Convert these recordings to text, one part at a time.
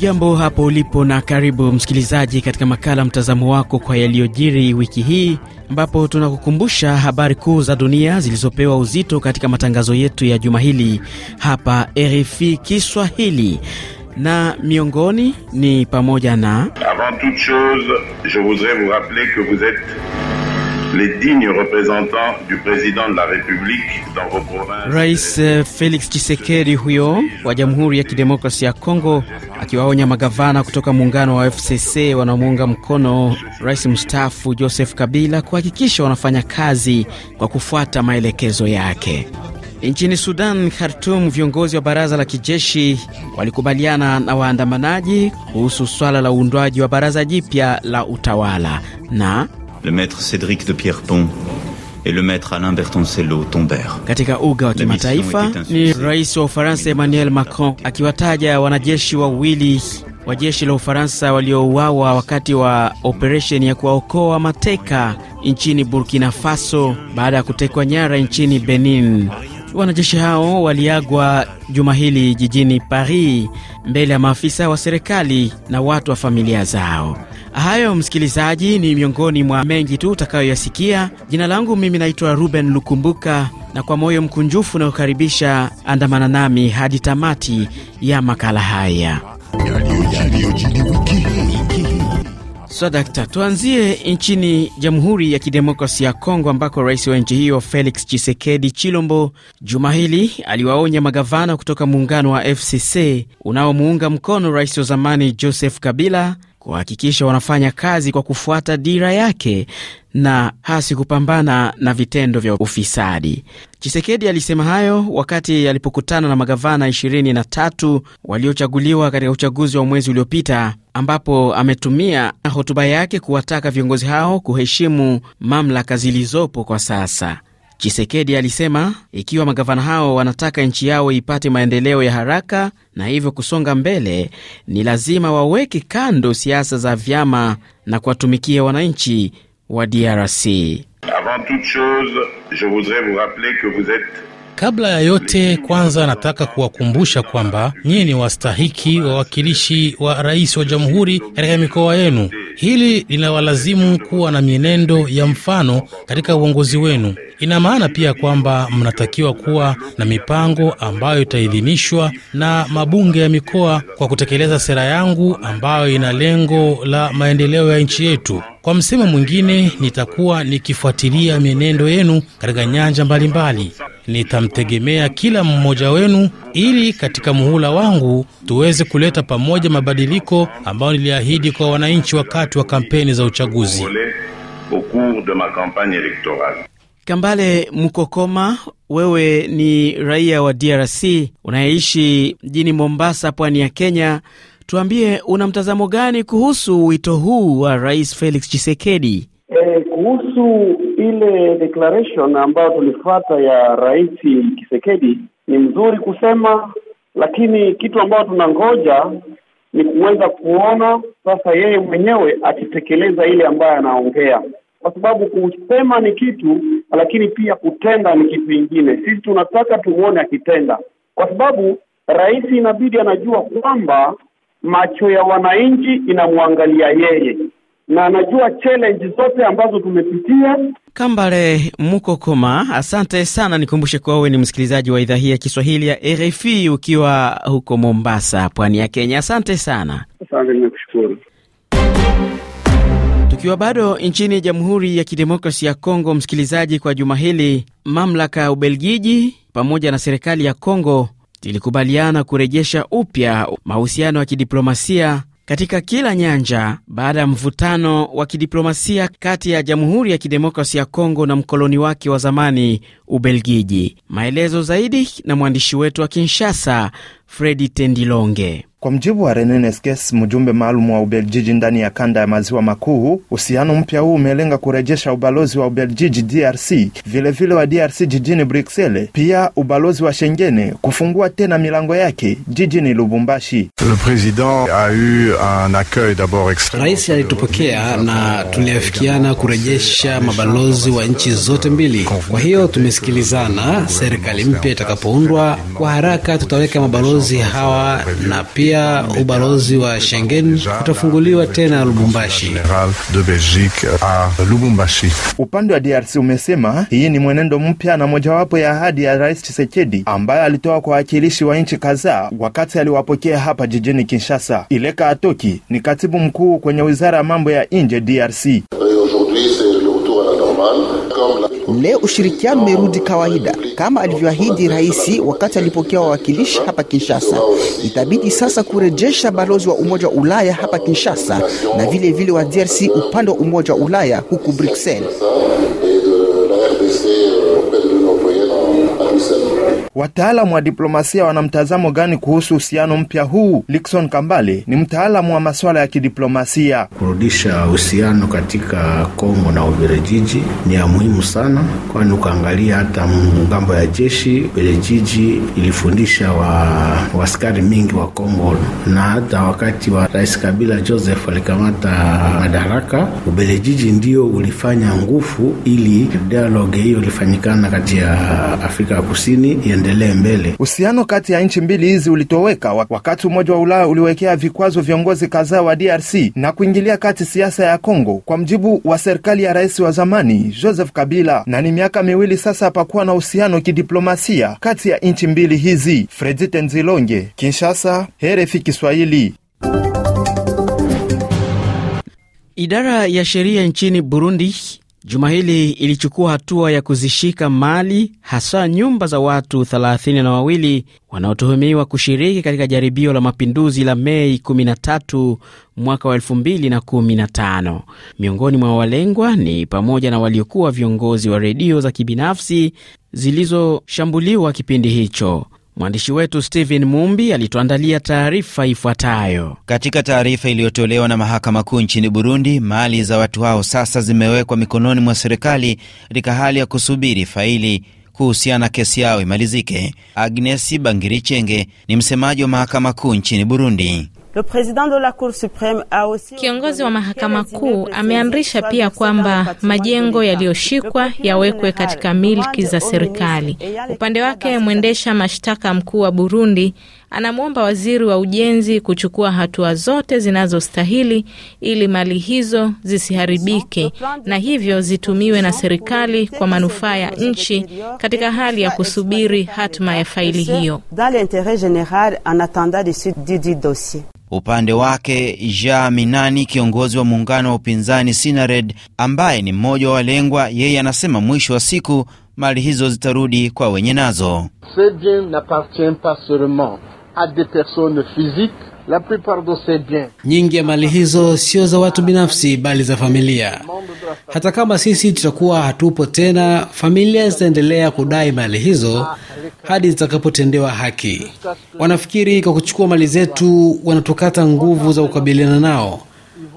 Hujambo hapo ulipo na karibu msikilizaji, katika makala mtazamo wako kwa yaliyojiri wiki hii, ambapo tunakukumbusha habari kuu za dunia zilizopewa uzito katika matangazo yetu ya juma hili hapa RFI Kiswahili, na miongoni ni pamoja na avant toute chose je voudrais vous rappeler que vous etes les dignes représentants du président de la République dans vos provinces. Rais euh, Felix Tshisekedi huyo wa Jamhuri ya Kidemokrasia ya Kongo akiwaonya magavana kutoka muungano wa FCC wanaomuunga mkono rais mstaafu Joseph Kabila kuhakikisha wanafanya kazi kwa kufuata maelekezo yake. Nchini Sudan, Khartum, viongozi wa baraza la kijeshi walikubaliana na waandamanaji kuhusu swala la uundwaji wa baraza jipya la utawala na Le maître Cédric de Pierrepont et le maître Alain Bertoncello tombèrent. Katika uga wa kimataifa ni rais wa Ufaransa Emmanuel Macron akiwataja wanajeshi wawili wa jeshi la Ufaransa waliouawa wakati wa operesheni ya kuwaokoa mateka nchini Burkina Faso baada ya kutekwa nyara nchini Benin. Wanajeshi hao waliagwa juma hili jijini Paris mbele ya maafisa wa serikali na watu wa familia zao. Hayo msikilizaji, ni miongoni mwa mengi tu utakayoyasikia. Jina langu mimi naitwa Ruben Lukumbuka, na kwa moyo mkunjufu unayokaribisha andamana nami hadi tamati ya makala haya yali, yali, yali. So, dakta, tuanzie nchini Jamhuri ya kidemokrasi ya Kongo ambako rais wa nchi hiyo Felix chisekedi Chilombo juma hili aliwaonya magavana kutoka muungano wa FCC unaomuunga mkono rais wa zamani Joseph Kabila kuhakikisha wanafanya kazi kwa kufuata dira yake na hasi kupambana na vitendo vya ufisadi. Chisekedi alisema hayo wakati alipokutana na magavana 23 waliochaguliwa katika uchaguzi wa mwezi uliopita, ambapo ametumia hotuba yake kuwataka viongozi hao kuheshimu mamlaka zilizopo kwa sasa. Chisekedi alisema ikiwa magavana hao wanataka nchi yao ipate maendeleo ya haraka na hivyo kusonga mbele, ni lazima waweke kando siasa za vyama na kuwatumikia wananchi wa DRC. Avant toute chose, je voudrais vous rappeler que vous êtes Kabla ya yote, kwanza nataka kuwakumbusha kwamba nyinyi ni wastahiki wawakilishi wa rais wa jamhuri katika mikoa yenu. Hili linawalazimu kuwa na mienendo ya mfano katika uongozi wenu. Ina maana pia kwamba mnatakiwa kuwa na mipango ambayo itaidhinishwa na mabunge ya mikoa kwa kutekeleza sera yangu ambayo ina lengo la maendeleo ya nchi yetu. Kwa msemo mwingine, nitakuwa nikifuatilia mienendo yenu katika nyanja mbalimbali. Nitamtegemea kila mmoja wenu ili katika muhula wangu tuweze kuleta pamoja mabadiliko ambayo niliahidi kwa wananchi wakati wa kampeni za uchaguzi. Kambale Mukokoma, wewe ni raia wa DRC unayeishi mjini Mombasa, pwani ya Kenya. Tuambie, una mtazamo gani kuhusu wito huu wa Rais Felix chisekedi E, eh, kuhusu ile declaration ambayo tulifuata ya Rais chisekedi ni mzuri kusema, lakini kitu ambayo tunangoja ni kuweza kuona sasa yeye mwenyewe akitekeleza ile ambayo anaongea, kwa sababu kusema ni kitu, lakini pia kutenda ni kitu ingine. Sisi tunataka tumwone akitenda, kwa sababu rais inabidi anajua kwamba macho ya wananchi inamwangalia yeye na anajua challenge zote ambazo tumepitia. Kambale Mukokoma, asante sana. Nikumbushe kuwa wewe ni msikilizaji wa idhaa hii ya Kiswahili ya RFI ukiwa huko Mombasa, pwani ya Kenya. Asante sana. Asante, nimekushukuru. Tukiwa bado nchini Jamhuri ya Kidemokrasi ya Kongo, msikilizaji, kwa juma hili mamlaka ya Ubelgiji pamoja na serikali ya Kongo zilikubaliana kurejesha upya mahusiano ya kidiplomasia katika kila nyanja baada ya mvutano wa kidiplomasia kati ya Jamhuri ya Kidemokrasi ya Kongo na mkoloni wake wa zamani Ubelgiji. Maelezo zaidi na mwandishi wetu wa Kinshasa, Fredi Tendilonge. Kwa mjibu wa Rene Neskes, mjumbe maalum wa Ubeljiji ndani ya kanda ya maziwa makuu, uhusiano mpya huu umelenga kurejesha ubalozi wa Ubeljiji DRC, vilevile vile wa DRC jijini Bruxelles, pia ubalozi wa Shengene kufungua tena milango yake jijini Lubumbashi. Rais alitupokea na tuliafikiana kurejesha mabalozi wa nchi zote mbili. Kwa hiyo tumesikilizana, serikali mpya itakapoundwa kwa haraka tutaweka mabalozi hawa na pia pia ubalozi wa Schengen utafunguliwa tena Lubumbashi. Upande wa DRC umesema hii ni mwenendo mpya na mojawapo ya ahadi ya Rais Tshisekedi ambayo alitoa kwa wakilishi wa nchi kadhaa wakati aliwapokea hapa jijini Kinshasa. Ileka Atoki ni katibu mkuu kwenye wizara ya mambo ya nje DRC. Leo ushirikiano umerudi kawaida kama alivyoahidi rais wakati alipokea wawakilishi hapa Kinshasa. Itabidi sasa kurejesha balozi wa Umoja wa Ulaya hapa Kinshasa na vilevile vile wa DRC upande wa Umoja wa Ulaya huku Bruxelles. Wataalamu wa diplomasia wana mtazamo gani kuhusu uhusiano mpya huu? Likson Kambale ni mtaalamu wa masuala ya kidiplomasia. Kurudisha uhusiano katika Kongo na Ubelejiji ni ya muhimu sana, kwani ukaangalia hata ngambo ya jeshi, Ubelejiji ilifundisha wa wa mingi wa Kongo, na hata wakati wa Rais Kabila Joseph alikamata madaraka, Ubelejiji ndio ulifanya nguvu ili dialogue hiyo ilifanyikana kati ya Afrika ya Kusini ya tuendelee mbele. Uhusiano kati ya nchi mbili hizi ulitoweka wakati Umoja wa Ulaya uliwekea vikwazo viongozi kadhaa wa DRC na kuingilia kati siasa ya Kongo, kwa mjibu wa serikali ya rais wa zamani Joseph Kabila, na ni miaka miwili sasa hapakuwa na uhusiano kidiplomasia kati ya nchi mbili hizi. Fredi Tenzilonge, Kinshasa, RFI Kiswahili. Idara ya sheria nchini Burundi Juma hili ilichukua hatua ya kuzishika mali hasa nyumba za watu thelathini wawili wanaotuhumiwa kushiriki katika jaribio la mapinduzi la Mei 13 mwaka wa Miongoni mwa walengwa ni pamoja na waliokuwa viongozi wa redio za kibinafsi zilizoshambuliwa kipindi hicho. Mwandishi wetu Stephen Mumbi alituandalia taarifa ifuatayo. Katika taarifa iliyotolewa na mahakama kuu nchini Burundi, mali za watu hao sasa zimewekwa mikononi mwa serikali katika hali ya kusubiri faili kuhusiana na kesi yao imalizike. Agnesi Bangirichenge ni msemaji wa mahakama kuu nchini Burundi. Kiongozi wa mahakama kuu ameamrisha pia kwamba majengo yaliyoshikwa yawekwe katika milki za serikali. Upande wake, mwendesha mashtaka mkuu wa Burundi anamwomba waziri wa ujenzi kuchukua hatua zote zinazostahili ili mali hizo zisiharibike na hivyo zitumiwe na serikali kwa manufaa ya nchi katika hali ya kusubiri hatma ya faili hiyo. Upande wake ja Minani, kiongozi wa muungano wa upinzani Sinared ambaye ni mmoja wa walengwa, yeye anasema mwisho wa siku mali hizo zitarudi kwa wenye nazo à des personnes physiques la plupart de ces biens. Nyingi ya mali hizo sio za watu binafsi bali za familia. Hata kama sisi tutakuwa hatupo tena, familia zitaendelea kudai mali hizo hadi zitakapotendewa haki. Wanafikiri kwa kuchukua mali zetu wanatukata nguvu za kukabiliana nao.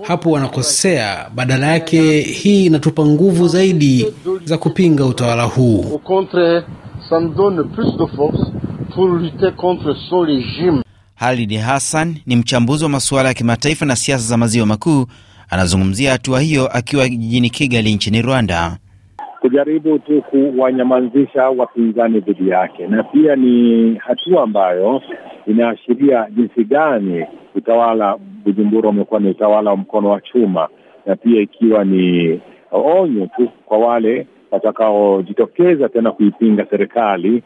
Hapo wanakosea. Badala yake, hii inatupa nguvu zaidi za kupinga utawala huu pour lutter contre son régime. Halid Hassan ni mchambuzi wa masuala ya kimataifa na siasa za maziwa makuu. Anazungumzia hatua hiyo akiwa jijini Kigali nchini Rwanda. Kujaribu tu kuwanyamazisha wapinzani dhidi yake, na pia ni hatua ambayo inaashiria jinsi gani utawala Bujumbura umekuwa ni utawala wa mkono wa chuma, na pia ikiwa ni onyo tu kwa wale watakaojitokeza tena kuipinga serikali.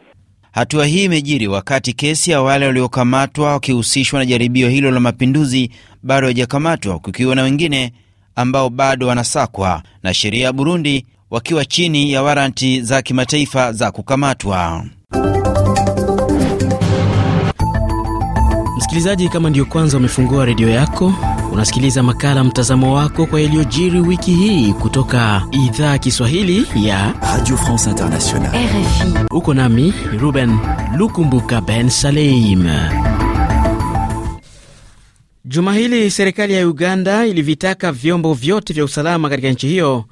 Hatua hii imejiri wakati kesi ya wale waliokamatwa wakihusishwa na jaribio hilo la mapinduzi bado hawajakamatwa, kukiwa na wengine ambao bado wanasakwa na sheria ya Burundi wakiwa chini ya waranti za kimataifa za kukamatwa. Msikilizaji, kama ndiyo kwanza umefungua redio yako, Unasikiliza makala mtazamo wako kwa yaliyojiri wiki hii kutoka idhaa Kiswahili ya Radio France Internationale RFI. Uko nami Ruben Lukumbuka Ben Saleim. Juma hili serikali ya Uganda ilivitaka vyombo vyote vya usalama katika nchi hiyo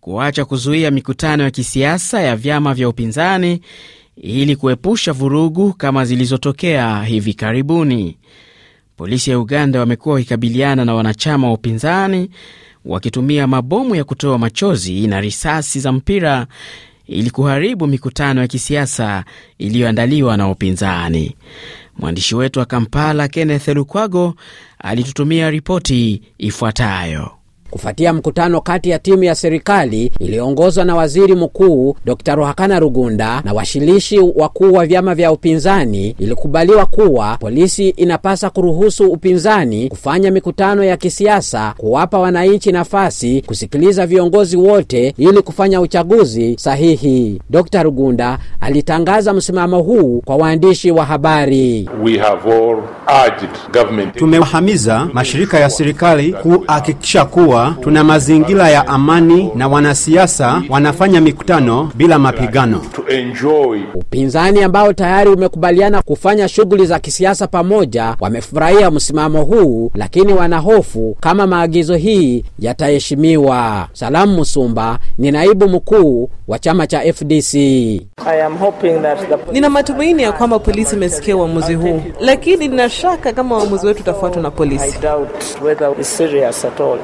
kuacha kuzuia mikutano ya kisiasa ya vyama vya upinzani ili kuepusha vurugu kama zilizotokea hivi karibuni. Polisi ya Uganda wamekuwa wakikabiliana na wanachama wa upinzani wakitumia mabomu ya kutoa machozi na risasi za mpira ili kuharibu mikutano ya kisiasa iliyoandaliwa na upinzani. Mwandishi wetu wa Kampala, Kenneth Lukwago, alitutumia ripoti ifuatayo kufuatia mkutano kati ya timu ya serikali iliyoongozwa na waziri mkuu Dr. Ruhakana Rugunda na washilishi wakuu wa vyama vya upinzani, ilikubaliwa kuwa polisi inapasa kuruhusu upinzani kufanya mikutano ya kisiasa, kuwapa wananchi nafasi kusikiliza viongozi wote ili kufanya uchaguzi sahihi. Dr. Rugunda alitangaza msimamo huu kwa waandishi wa habari. Tumewahamiza mashirika ya serikali kuhakikisha kuwa kuwa tuna mazingira ya amani na wanasiasa wanafanya mikutano bila mapigano. Upinzani ambao tayari umekubaliana kufanya shughuli za kisiasa pamoja wamefurahia msimamo huu, lakini wanahofu kama maagizo hii yataheshimiwa. Salamu Musumba ni naibu mkuu wa chama cha FDC. Nina matumaini ya kwamba polisi imesikia uamuzi huu, lakini nina shaka kama uamuzi wetu utafuatwa na polisi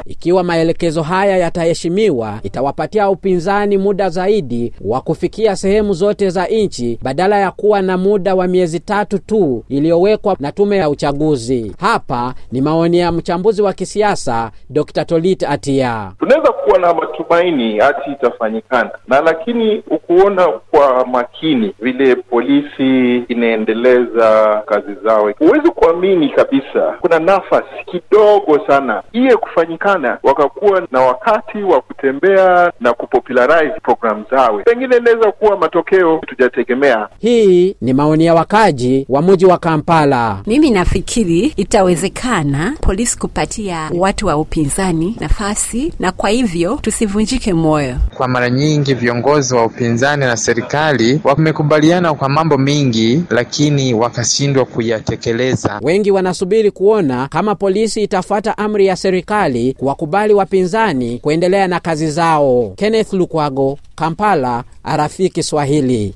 ikiwa maelekezo haya yataheshimiwa, itawapatia upinzani muda zaidi wa kufikia sehemu zote za nchi badala ya kuwa na muda wa miezi tatu tu iliyowekwa na tume ya uchaguzi. Hapa ni maoni ya mchambuzi wa kisiasa Dr. Tolit Atia. Tunaweza kuwa na matumaini hati itafanyikana na, lakini ukuona kwa makini vile polisi inaendeleza kazi zao, huwezi kuamini kabisa, kuna nafasi kidogo sana iye kufanyikana wakakuwa na wakati wa kutembea na kupopularize program zao, pengine inaweza kuwa matokeo tujategemea. Hii ni maoni ya wakaji wa mji wa Kampala. Mimi nafikiri itawezekana polisi kupatia watu wa upinzani nafasi, na kwa hivyo tusivunjike moyo. Kwa mara nyingi viongozi wa upinzani na serikali wamekubaliana kwa mambo mengi, lakini wakashindwa kuyatekeleza. Wengi wanasubiri kuona kama polisi itafuata amri ya serikali kuwakubali wamekubali wapinzani kuendelea na kazi zao. Kenneth Lukwago, Kampala, RFI Kiswahili.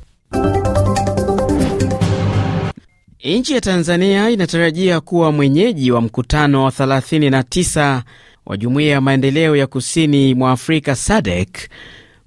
Nchi ya Tanzania inatarajia kuwa mwenyeji wa mkutano wa 39 wa Jumuiya ya Maendeleo ya Kusini mwa Afrika SADC,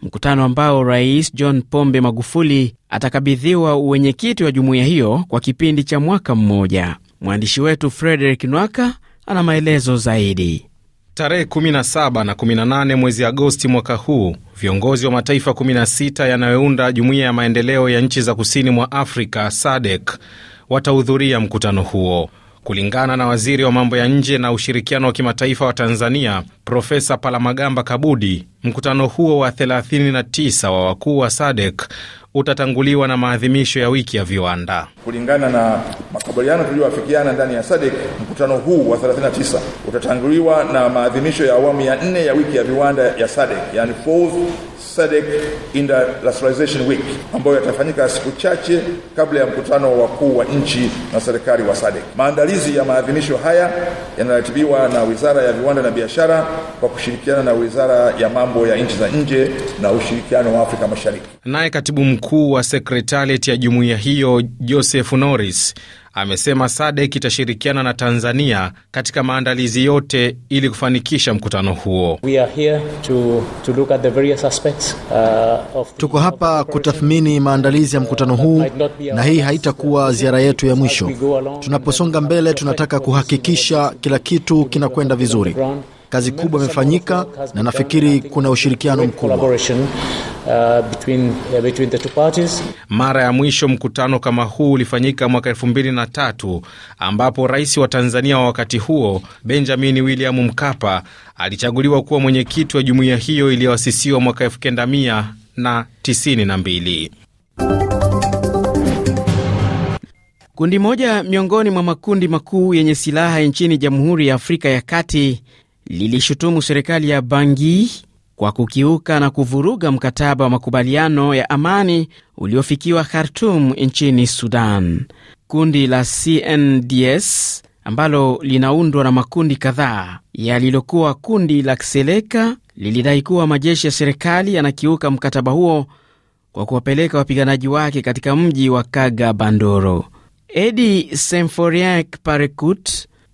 mkutano ambao Rais John Pombe Magufuli atakabidhiwa uwenyekiti wa jumuiya hiyo kwa kipindi cha mwaka mmoja. Mwandishi wetu Frederick Nwaka ana maelezo zaidi. Tarehe 17 na 18 mwezi Agosti mwaka huu, viongozi wa mataifa 16 yanayounda jumuiya ya maendeleo ya nchi za kusini mwa Afrika SADC watahudhuria mkutano huo. Kulingana na waziri wa mambo ya nje na ushirikiano wa kimataifa wa Tanzania, Profesa Palamagamba Kabudi, mkutano huo wa 39 wa wakuu wa SADC utatanguliwa na maadhimisho ya wiki ya viwanda. Kulingana na makubaliano tuliyoafikiana ndani ya sadek mkutano huu wa 39 utatanguliwa na maadhimisho ya awamu ya nne ya wiki ya viwanda ya sadek yani fourth SADC Industrialization Week ambayo yatafanyika siku chache kabla ya mkutano wakuu wa nchi na serikali wa SADC. Maandalizi ya maadhimisho haya yanaratibiwa na Wizara ya Viwanda na Biashara kwa kushirikiana na Wizara ya Mambo ya Nchi za Nje na Ushirikiano wa Afrika Mashariki. Naye katibu mkuu wa sekretarieti ya jumuiya hiyo Joseph Norris amesema sadek itashirikiana na Tanzania katika maandalizi yote ili kufanikisha mkutano huo. Uh, tuko hapa kutathmini maandalizi ya mkutano huu, na hii haitakuwa ziara yetu ya mwisho. Tunaposonga mbele, tunataka kuhakikisha kila kitu kinakwenda vizuri. Kazi kubwa imefanyika na nafikiri kuna ushirikiano mkubwa. Uh, between, uh, between Mara ya mwisho mkutano kama huu ulifanyika mwaka elfu mbili na tatu ambapo rais wa Tanzania wa wakati huo Benjamin William Mkapa alichaguliwa kuwa mwenyekiti wa jumuiya hiyo iliyoasisiwa mwaka elfu kenda mia na tisini na mbili. Kundi moja miongoni mwa makundi makuu yenye silaha nchini Jamhuri ya Afrika ya Kati lilishutumu serikali ya bangi kwa kukiuka na kuvuruga mkataba wa makubaliano ya amani uliofikiwa Khartum nchini Sudan. Kundi la CNDS ambalo linaundwa na makundi kadhaa yalilokuwa kundi la kseleka lilidai kuwa majeshi ya serikali yanakiuka mkataba huo kwa kuwapeleka wapiganaji wake katika mji wa Kaga Bandoro. Edi Semforiek Parekut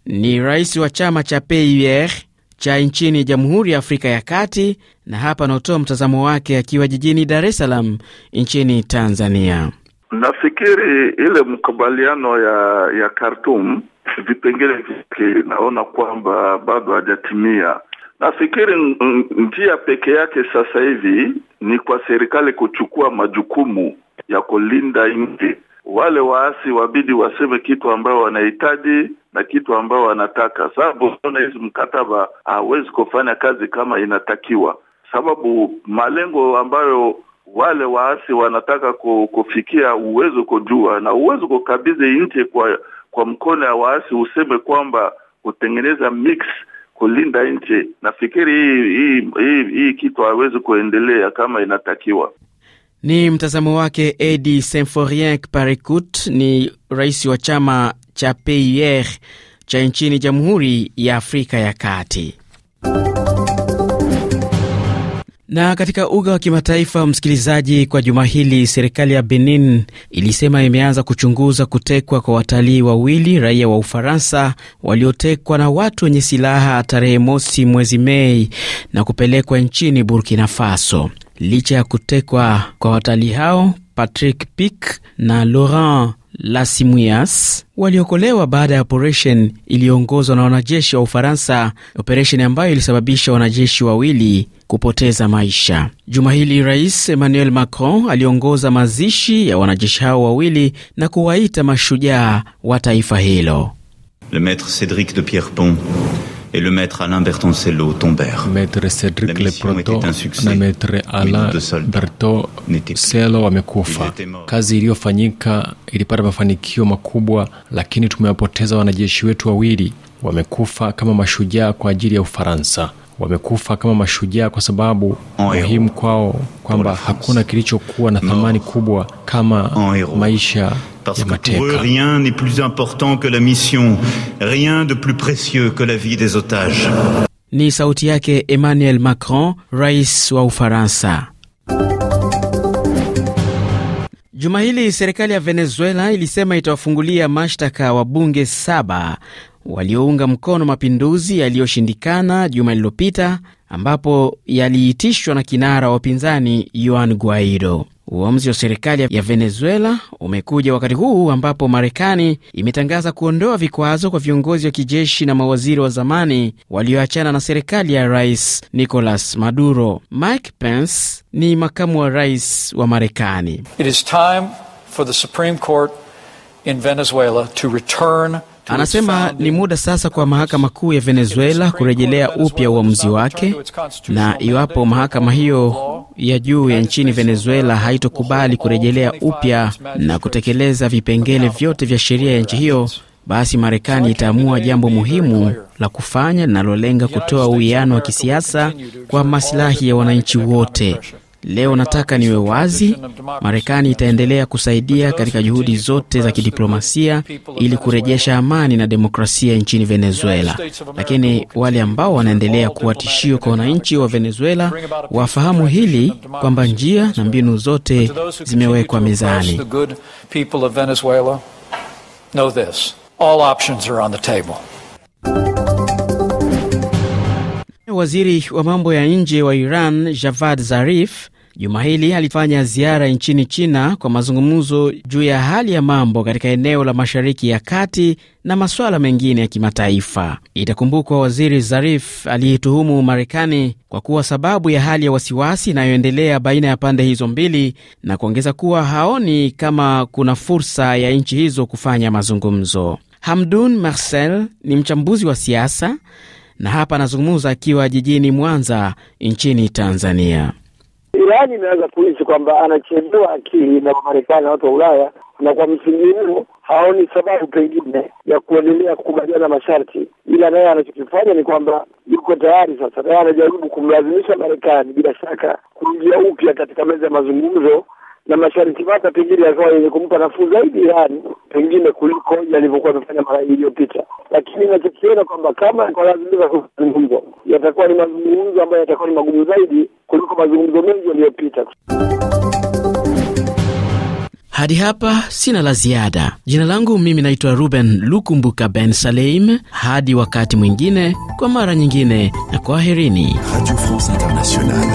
ni rais wa chama cha PUR cha nchini Jamhuri ya Afrika ya Kati, na hapa anaotoa mtazamo wake akiwa jijini Dar es Salaam nchini Tanzania. Nafikiri ile makubaliano ya ya Khartoum vipengele vyake naona kwamba bado hajatimia. Nafikiri njia peke yake sasa hivi ni kwa serikali kuchukua majukumu ya kulinda nchi wale waasi wabidi waseme kitu ambayo wanahitaji na kitu ambayo wanataka, sababu ona hizi mkataba hawezi kufanya kazi kama inatakiwa, sababu malengo ambayo wale waasi wanataka kufikia huwezi kujua na uwezo kukabidhi nchi kwa kwa mkono ya waasi, useme kwamba kutengeneza mix kulinda nchi. Nafikiri hii hii hii kitu hawezi kuendelea kama inatakiwa. Ni mtazamo wake Edi Semforien Parekut, ni rais wa chama cha PUR cha nchini Jamhuri ya Afrika ya Kati. Na katika uga wa kimataifa, msikilizaji, kwa juma hili serikali ya Benin ilisema imeanza kuchunguza kutekwa kwa watalii wawili raia wa Ufaransa waliotekwa na watu wenye silaha tarehe mosi mwezi Mei na kupelekwa nchini Burkina Faso. Licha ya kutekwa kwa watalii hao, Patrick Pick na Laurent Lasimuas waliokolewa baada ya operesheni iliyoongozwa na wanajeshi wa Ufaransa, operesheni ambayo ilisababisha wanajeshi wawili kupoteza maisha. Juma hili Rais Emmanuel Macron aliongoza mazishi ya wanajeshi hao wawili na kuwaita mashujaa wa taifa hilo. Le de Pierrepont et le maître Alain Bertoncello tombèrent. Maître Cedric Leproto Le maître Alain Bertoncello wamekufa. Kazi iliyofanyika ilipata mafanikio makubwa, lakini tumewapoteza wanajeshi wetu wawili. Wamekufa kama mashujaa kwa ajili ya Ufaransa wamekufa kama mashujaa kwa sababu muhimu kwao kwamba hakuna kilichokuwa na thamani kubwa kama maisha Parce que pour eux, rien n'est plus important que la mission, rien de plus précieux que la vie des otages. Ni sauti yake Emmanuel Macron, rais wa Ufaransa. Juma hili serikali ya Venezuela ilisema itawafungulia mashtaka wabunge saba waliounga mkono mapinduzi yaliyoshindikana juma lililopita, ambapo yaliitishwa na kinara wa upinzani Juan Guaido. Uamuzi wa serikali ya Venezuela umekuja wakati huu ambapo Marekani imetangaza kuondoa vikwazo kwa viongozi wa kijeshi na mawaziri wa zamani walioachana na serikali ya Rais Nicolas Maduro. Mike Pence ni makamu wa rais wa Marekani. It is time for the Supreme Court in Venezuela to return Anasema ni muda sasa kwa mahakama kuu ya Venezuela kurejelea upya uamuzi wake, na iwapo mahakama hiyo ya juu ya nchini Venezuela haitokubali kurejelea upya na kutekeleza vipengele vyote vya sheria ya nchi hiyo, basi Marekani itaamua jambo muhimu la kufanya linalolenga kutoa uwiano wa kisiasa kwa masilahi ya wananchi wote. Leo nataka niwe wazi, Marekani itaendelea kusaidia katika juhudi zote za kidiplomasia ili kurejesha amani na demokrasia nchini Venezuela, lakini wale ambao wanaendelea kuwa tishio kwa wananchi wa Venezuela wafahamu hili kwamba njia na mbinu zote zimewekwa mezani. All options are on the table waziri wa mambo ya nje wa Iran Javad Zarif juma hili alifanya ziara nchini China kwa mazungumzo juu ya hali ya mambo katika eneo la Mashariki ya Kati na masuala mengine ya kimataifa. Itakumbukwa waziri Zarif aliyetuhumu Marekani kwa kuwa sababu ya hali ya wasiwasi inayoendelea baina ya pande hizo mbili, na kuongeza kuwa haoni kama kuna fursa ya nchi hizo kufanya mazungumzo. Hamdun Marcel ni mchambuzi wa siasa na hapa anazungumza akiwa jijini Mwanza nchini Tanzania. Irani imeanza kuhisi kwamba anachezewa akili na Wamarekani na watu wa Ulaya, na kwa msingi huo haoni sababu pengine ya kuendelea kukubaliana masharti, ila naye anachokifanya ni kwamba yuko tayari sasa, naye anajaribu kumlazimisha Marekani bila shaka kuingia upya katika meza ya mazungumzo na masharti mapya pengine yakawa yenye kumpa nafuu zaidi, yani pengine kuliko yalivyokuwa amefanya mara iliyopita. Lakini inachokiona kwamba kama kwa lazimika kuzungumzo, yatakuwa ni mazungumzo ambayo yatakuwa ni magumu zaidi kuliko mazungumzo mengi yaliyopita. Hadi hapa sina la ziada. Jina langu mimi naitwa Ruben Lukumbuka Ben Saleim. Hadi wakati mwingine, kwa mara nyingine, na kwaherini. Radio France Internationale.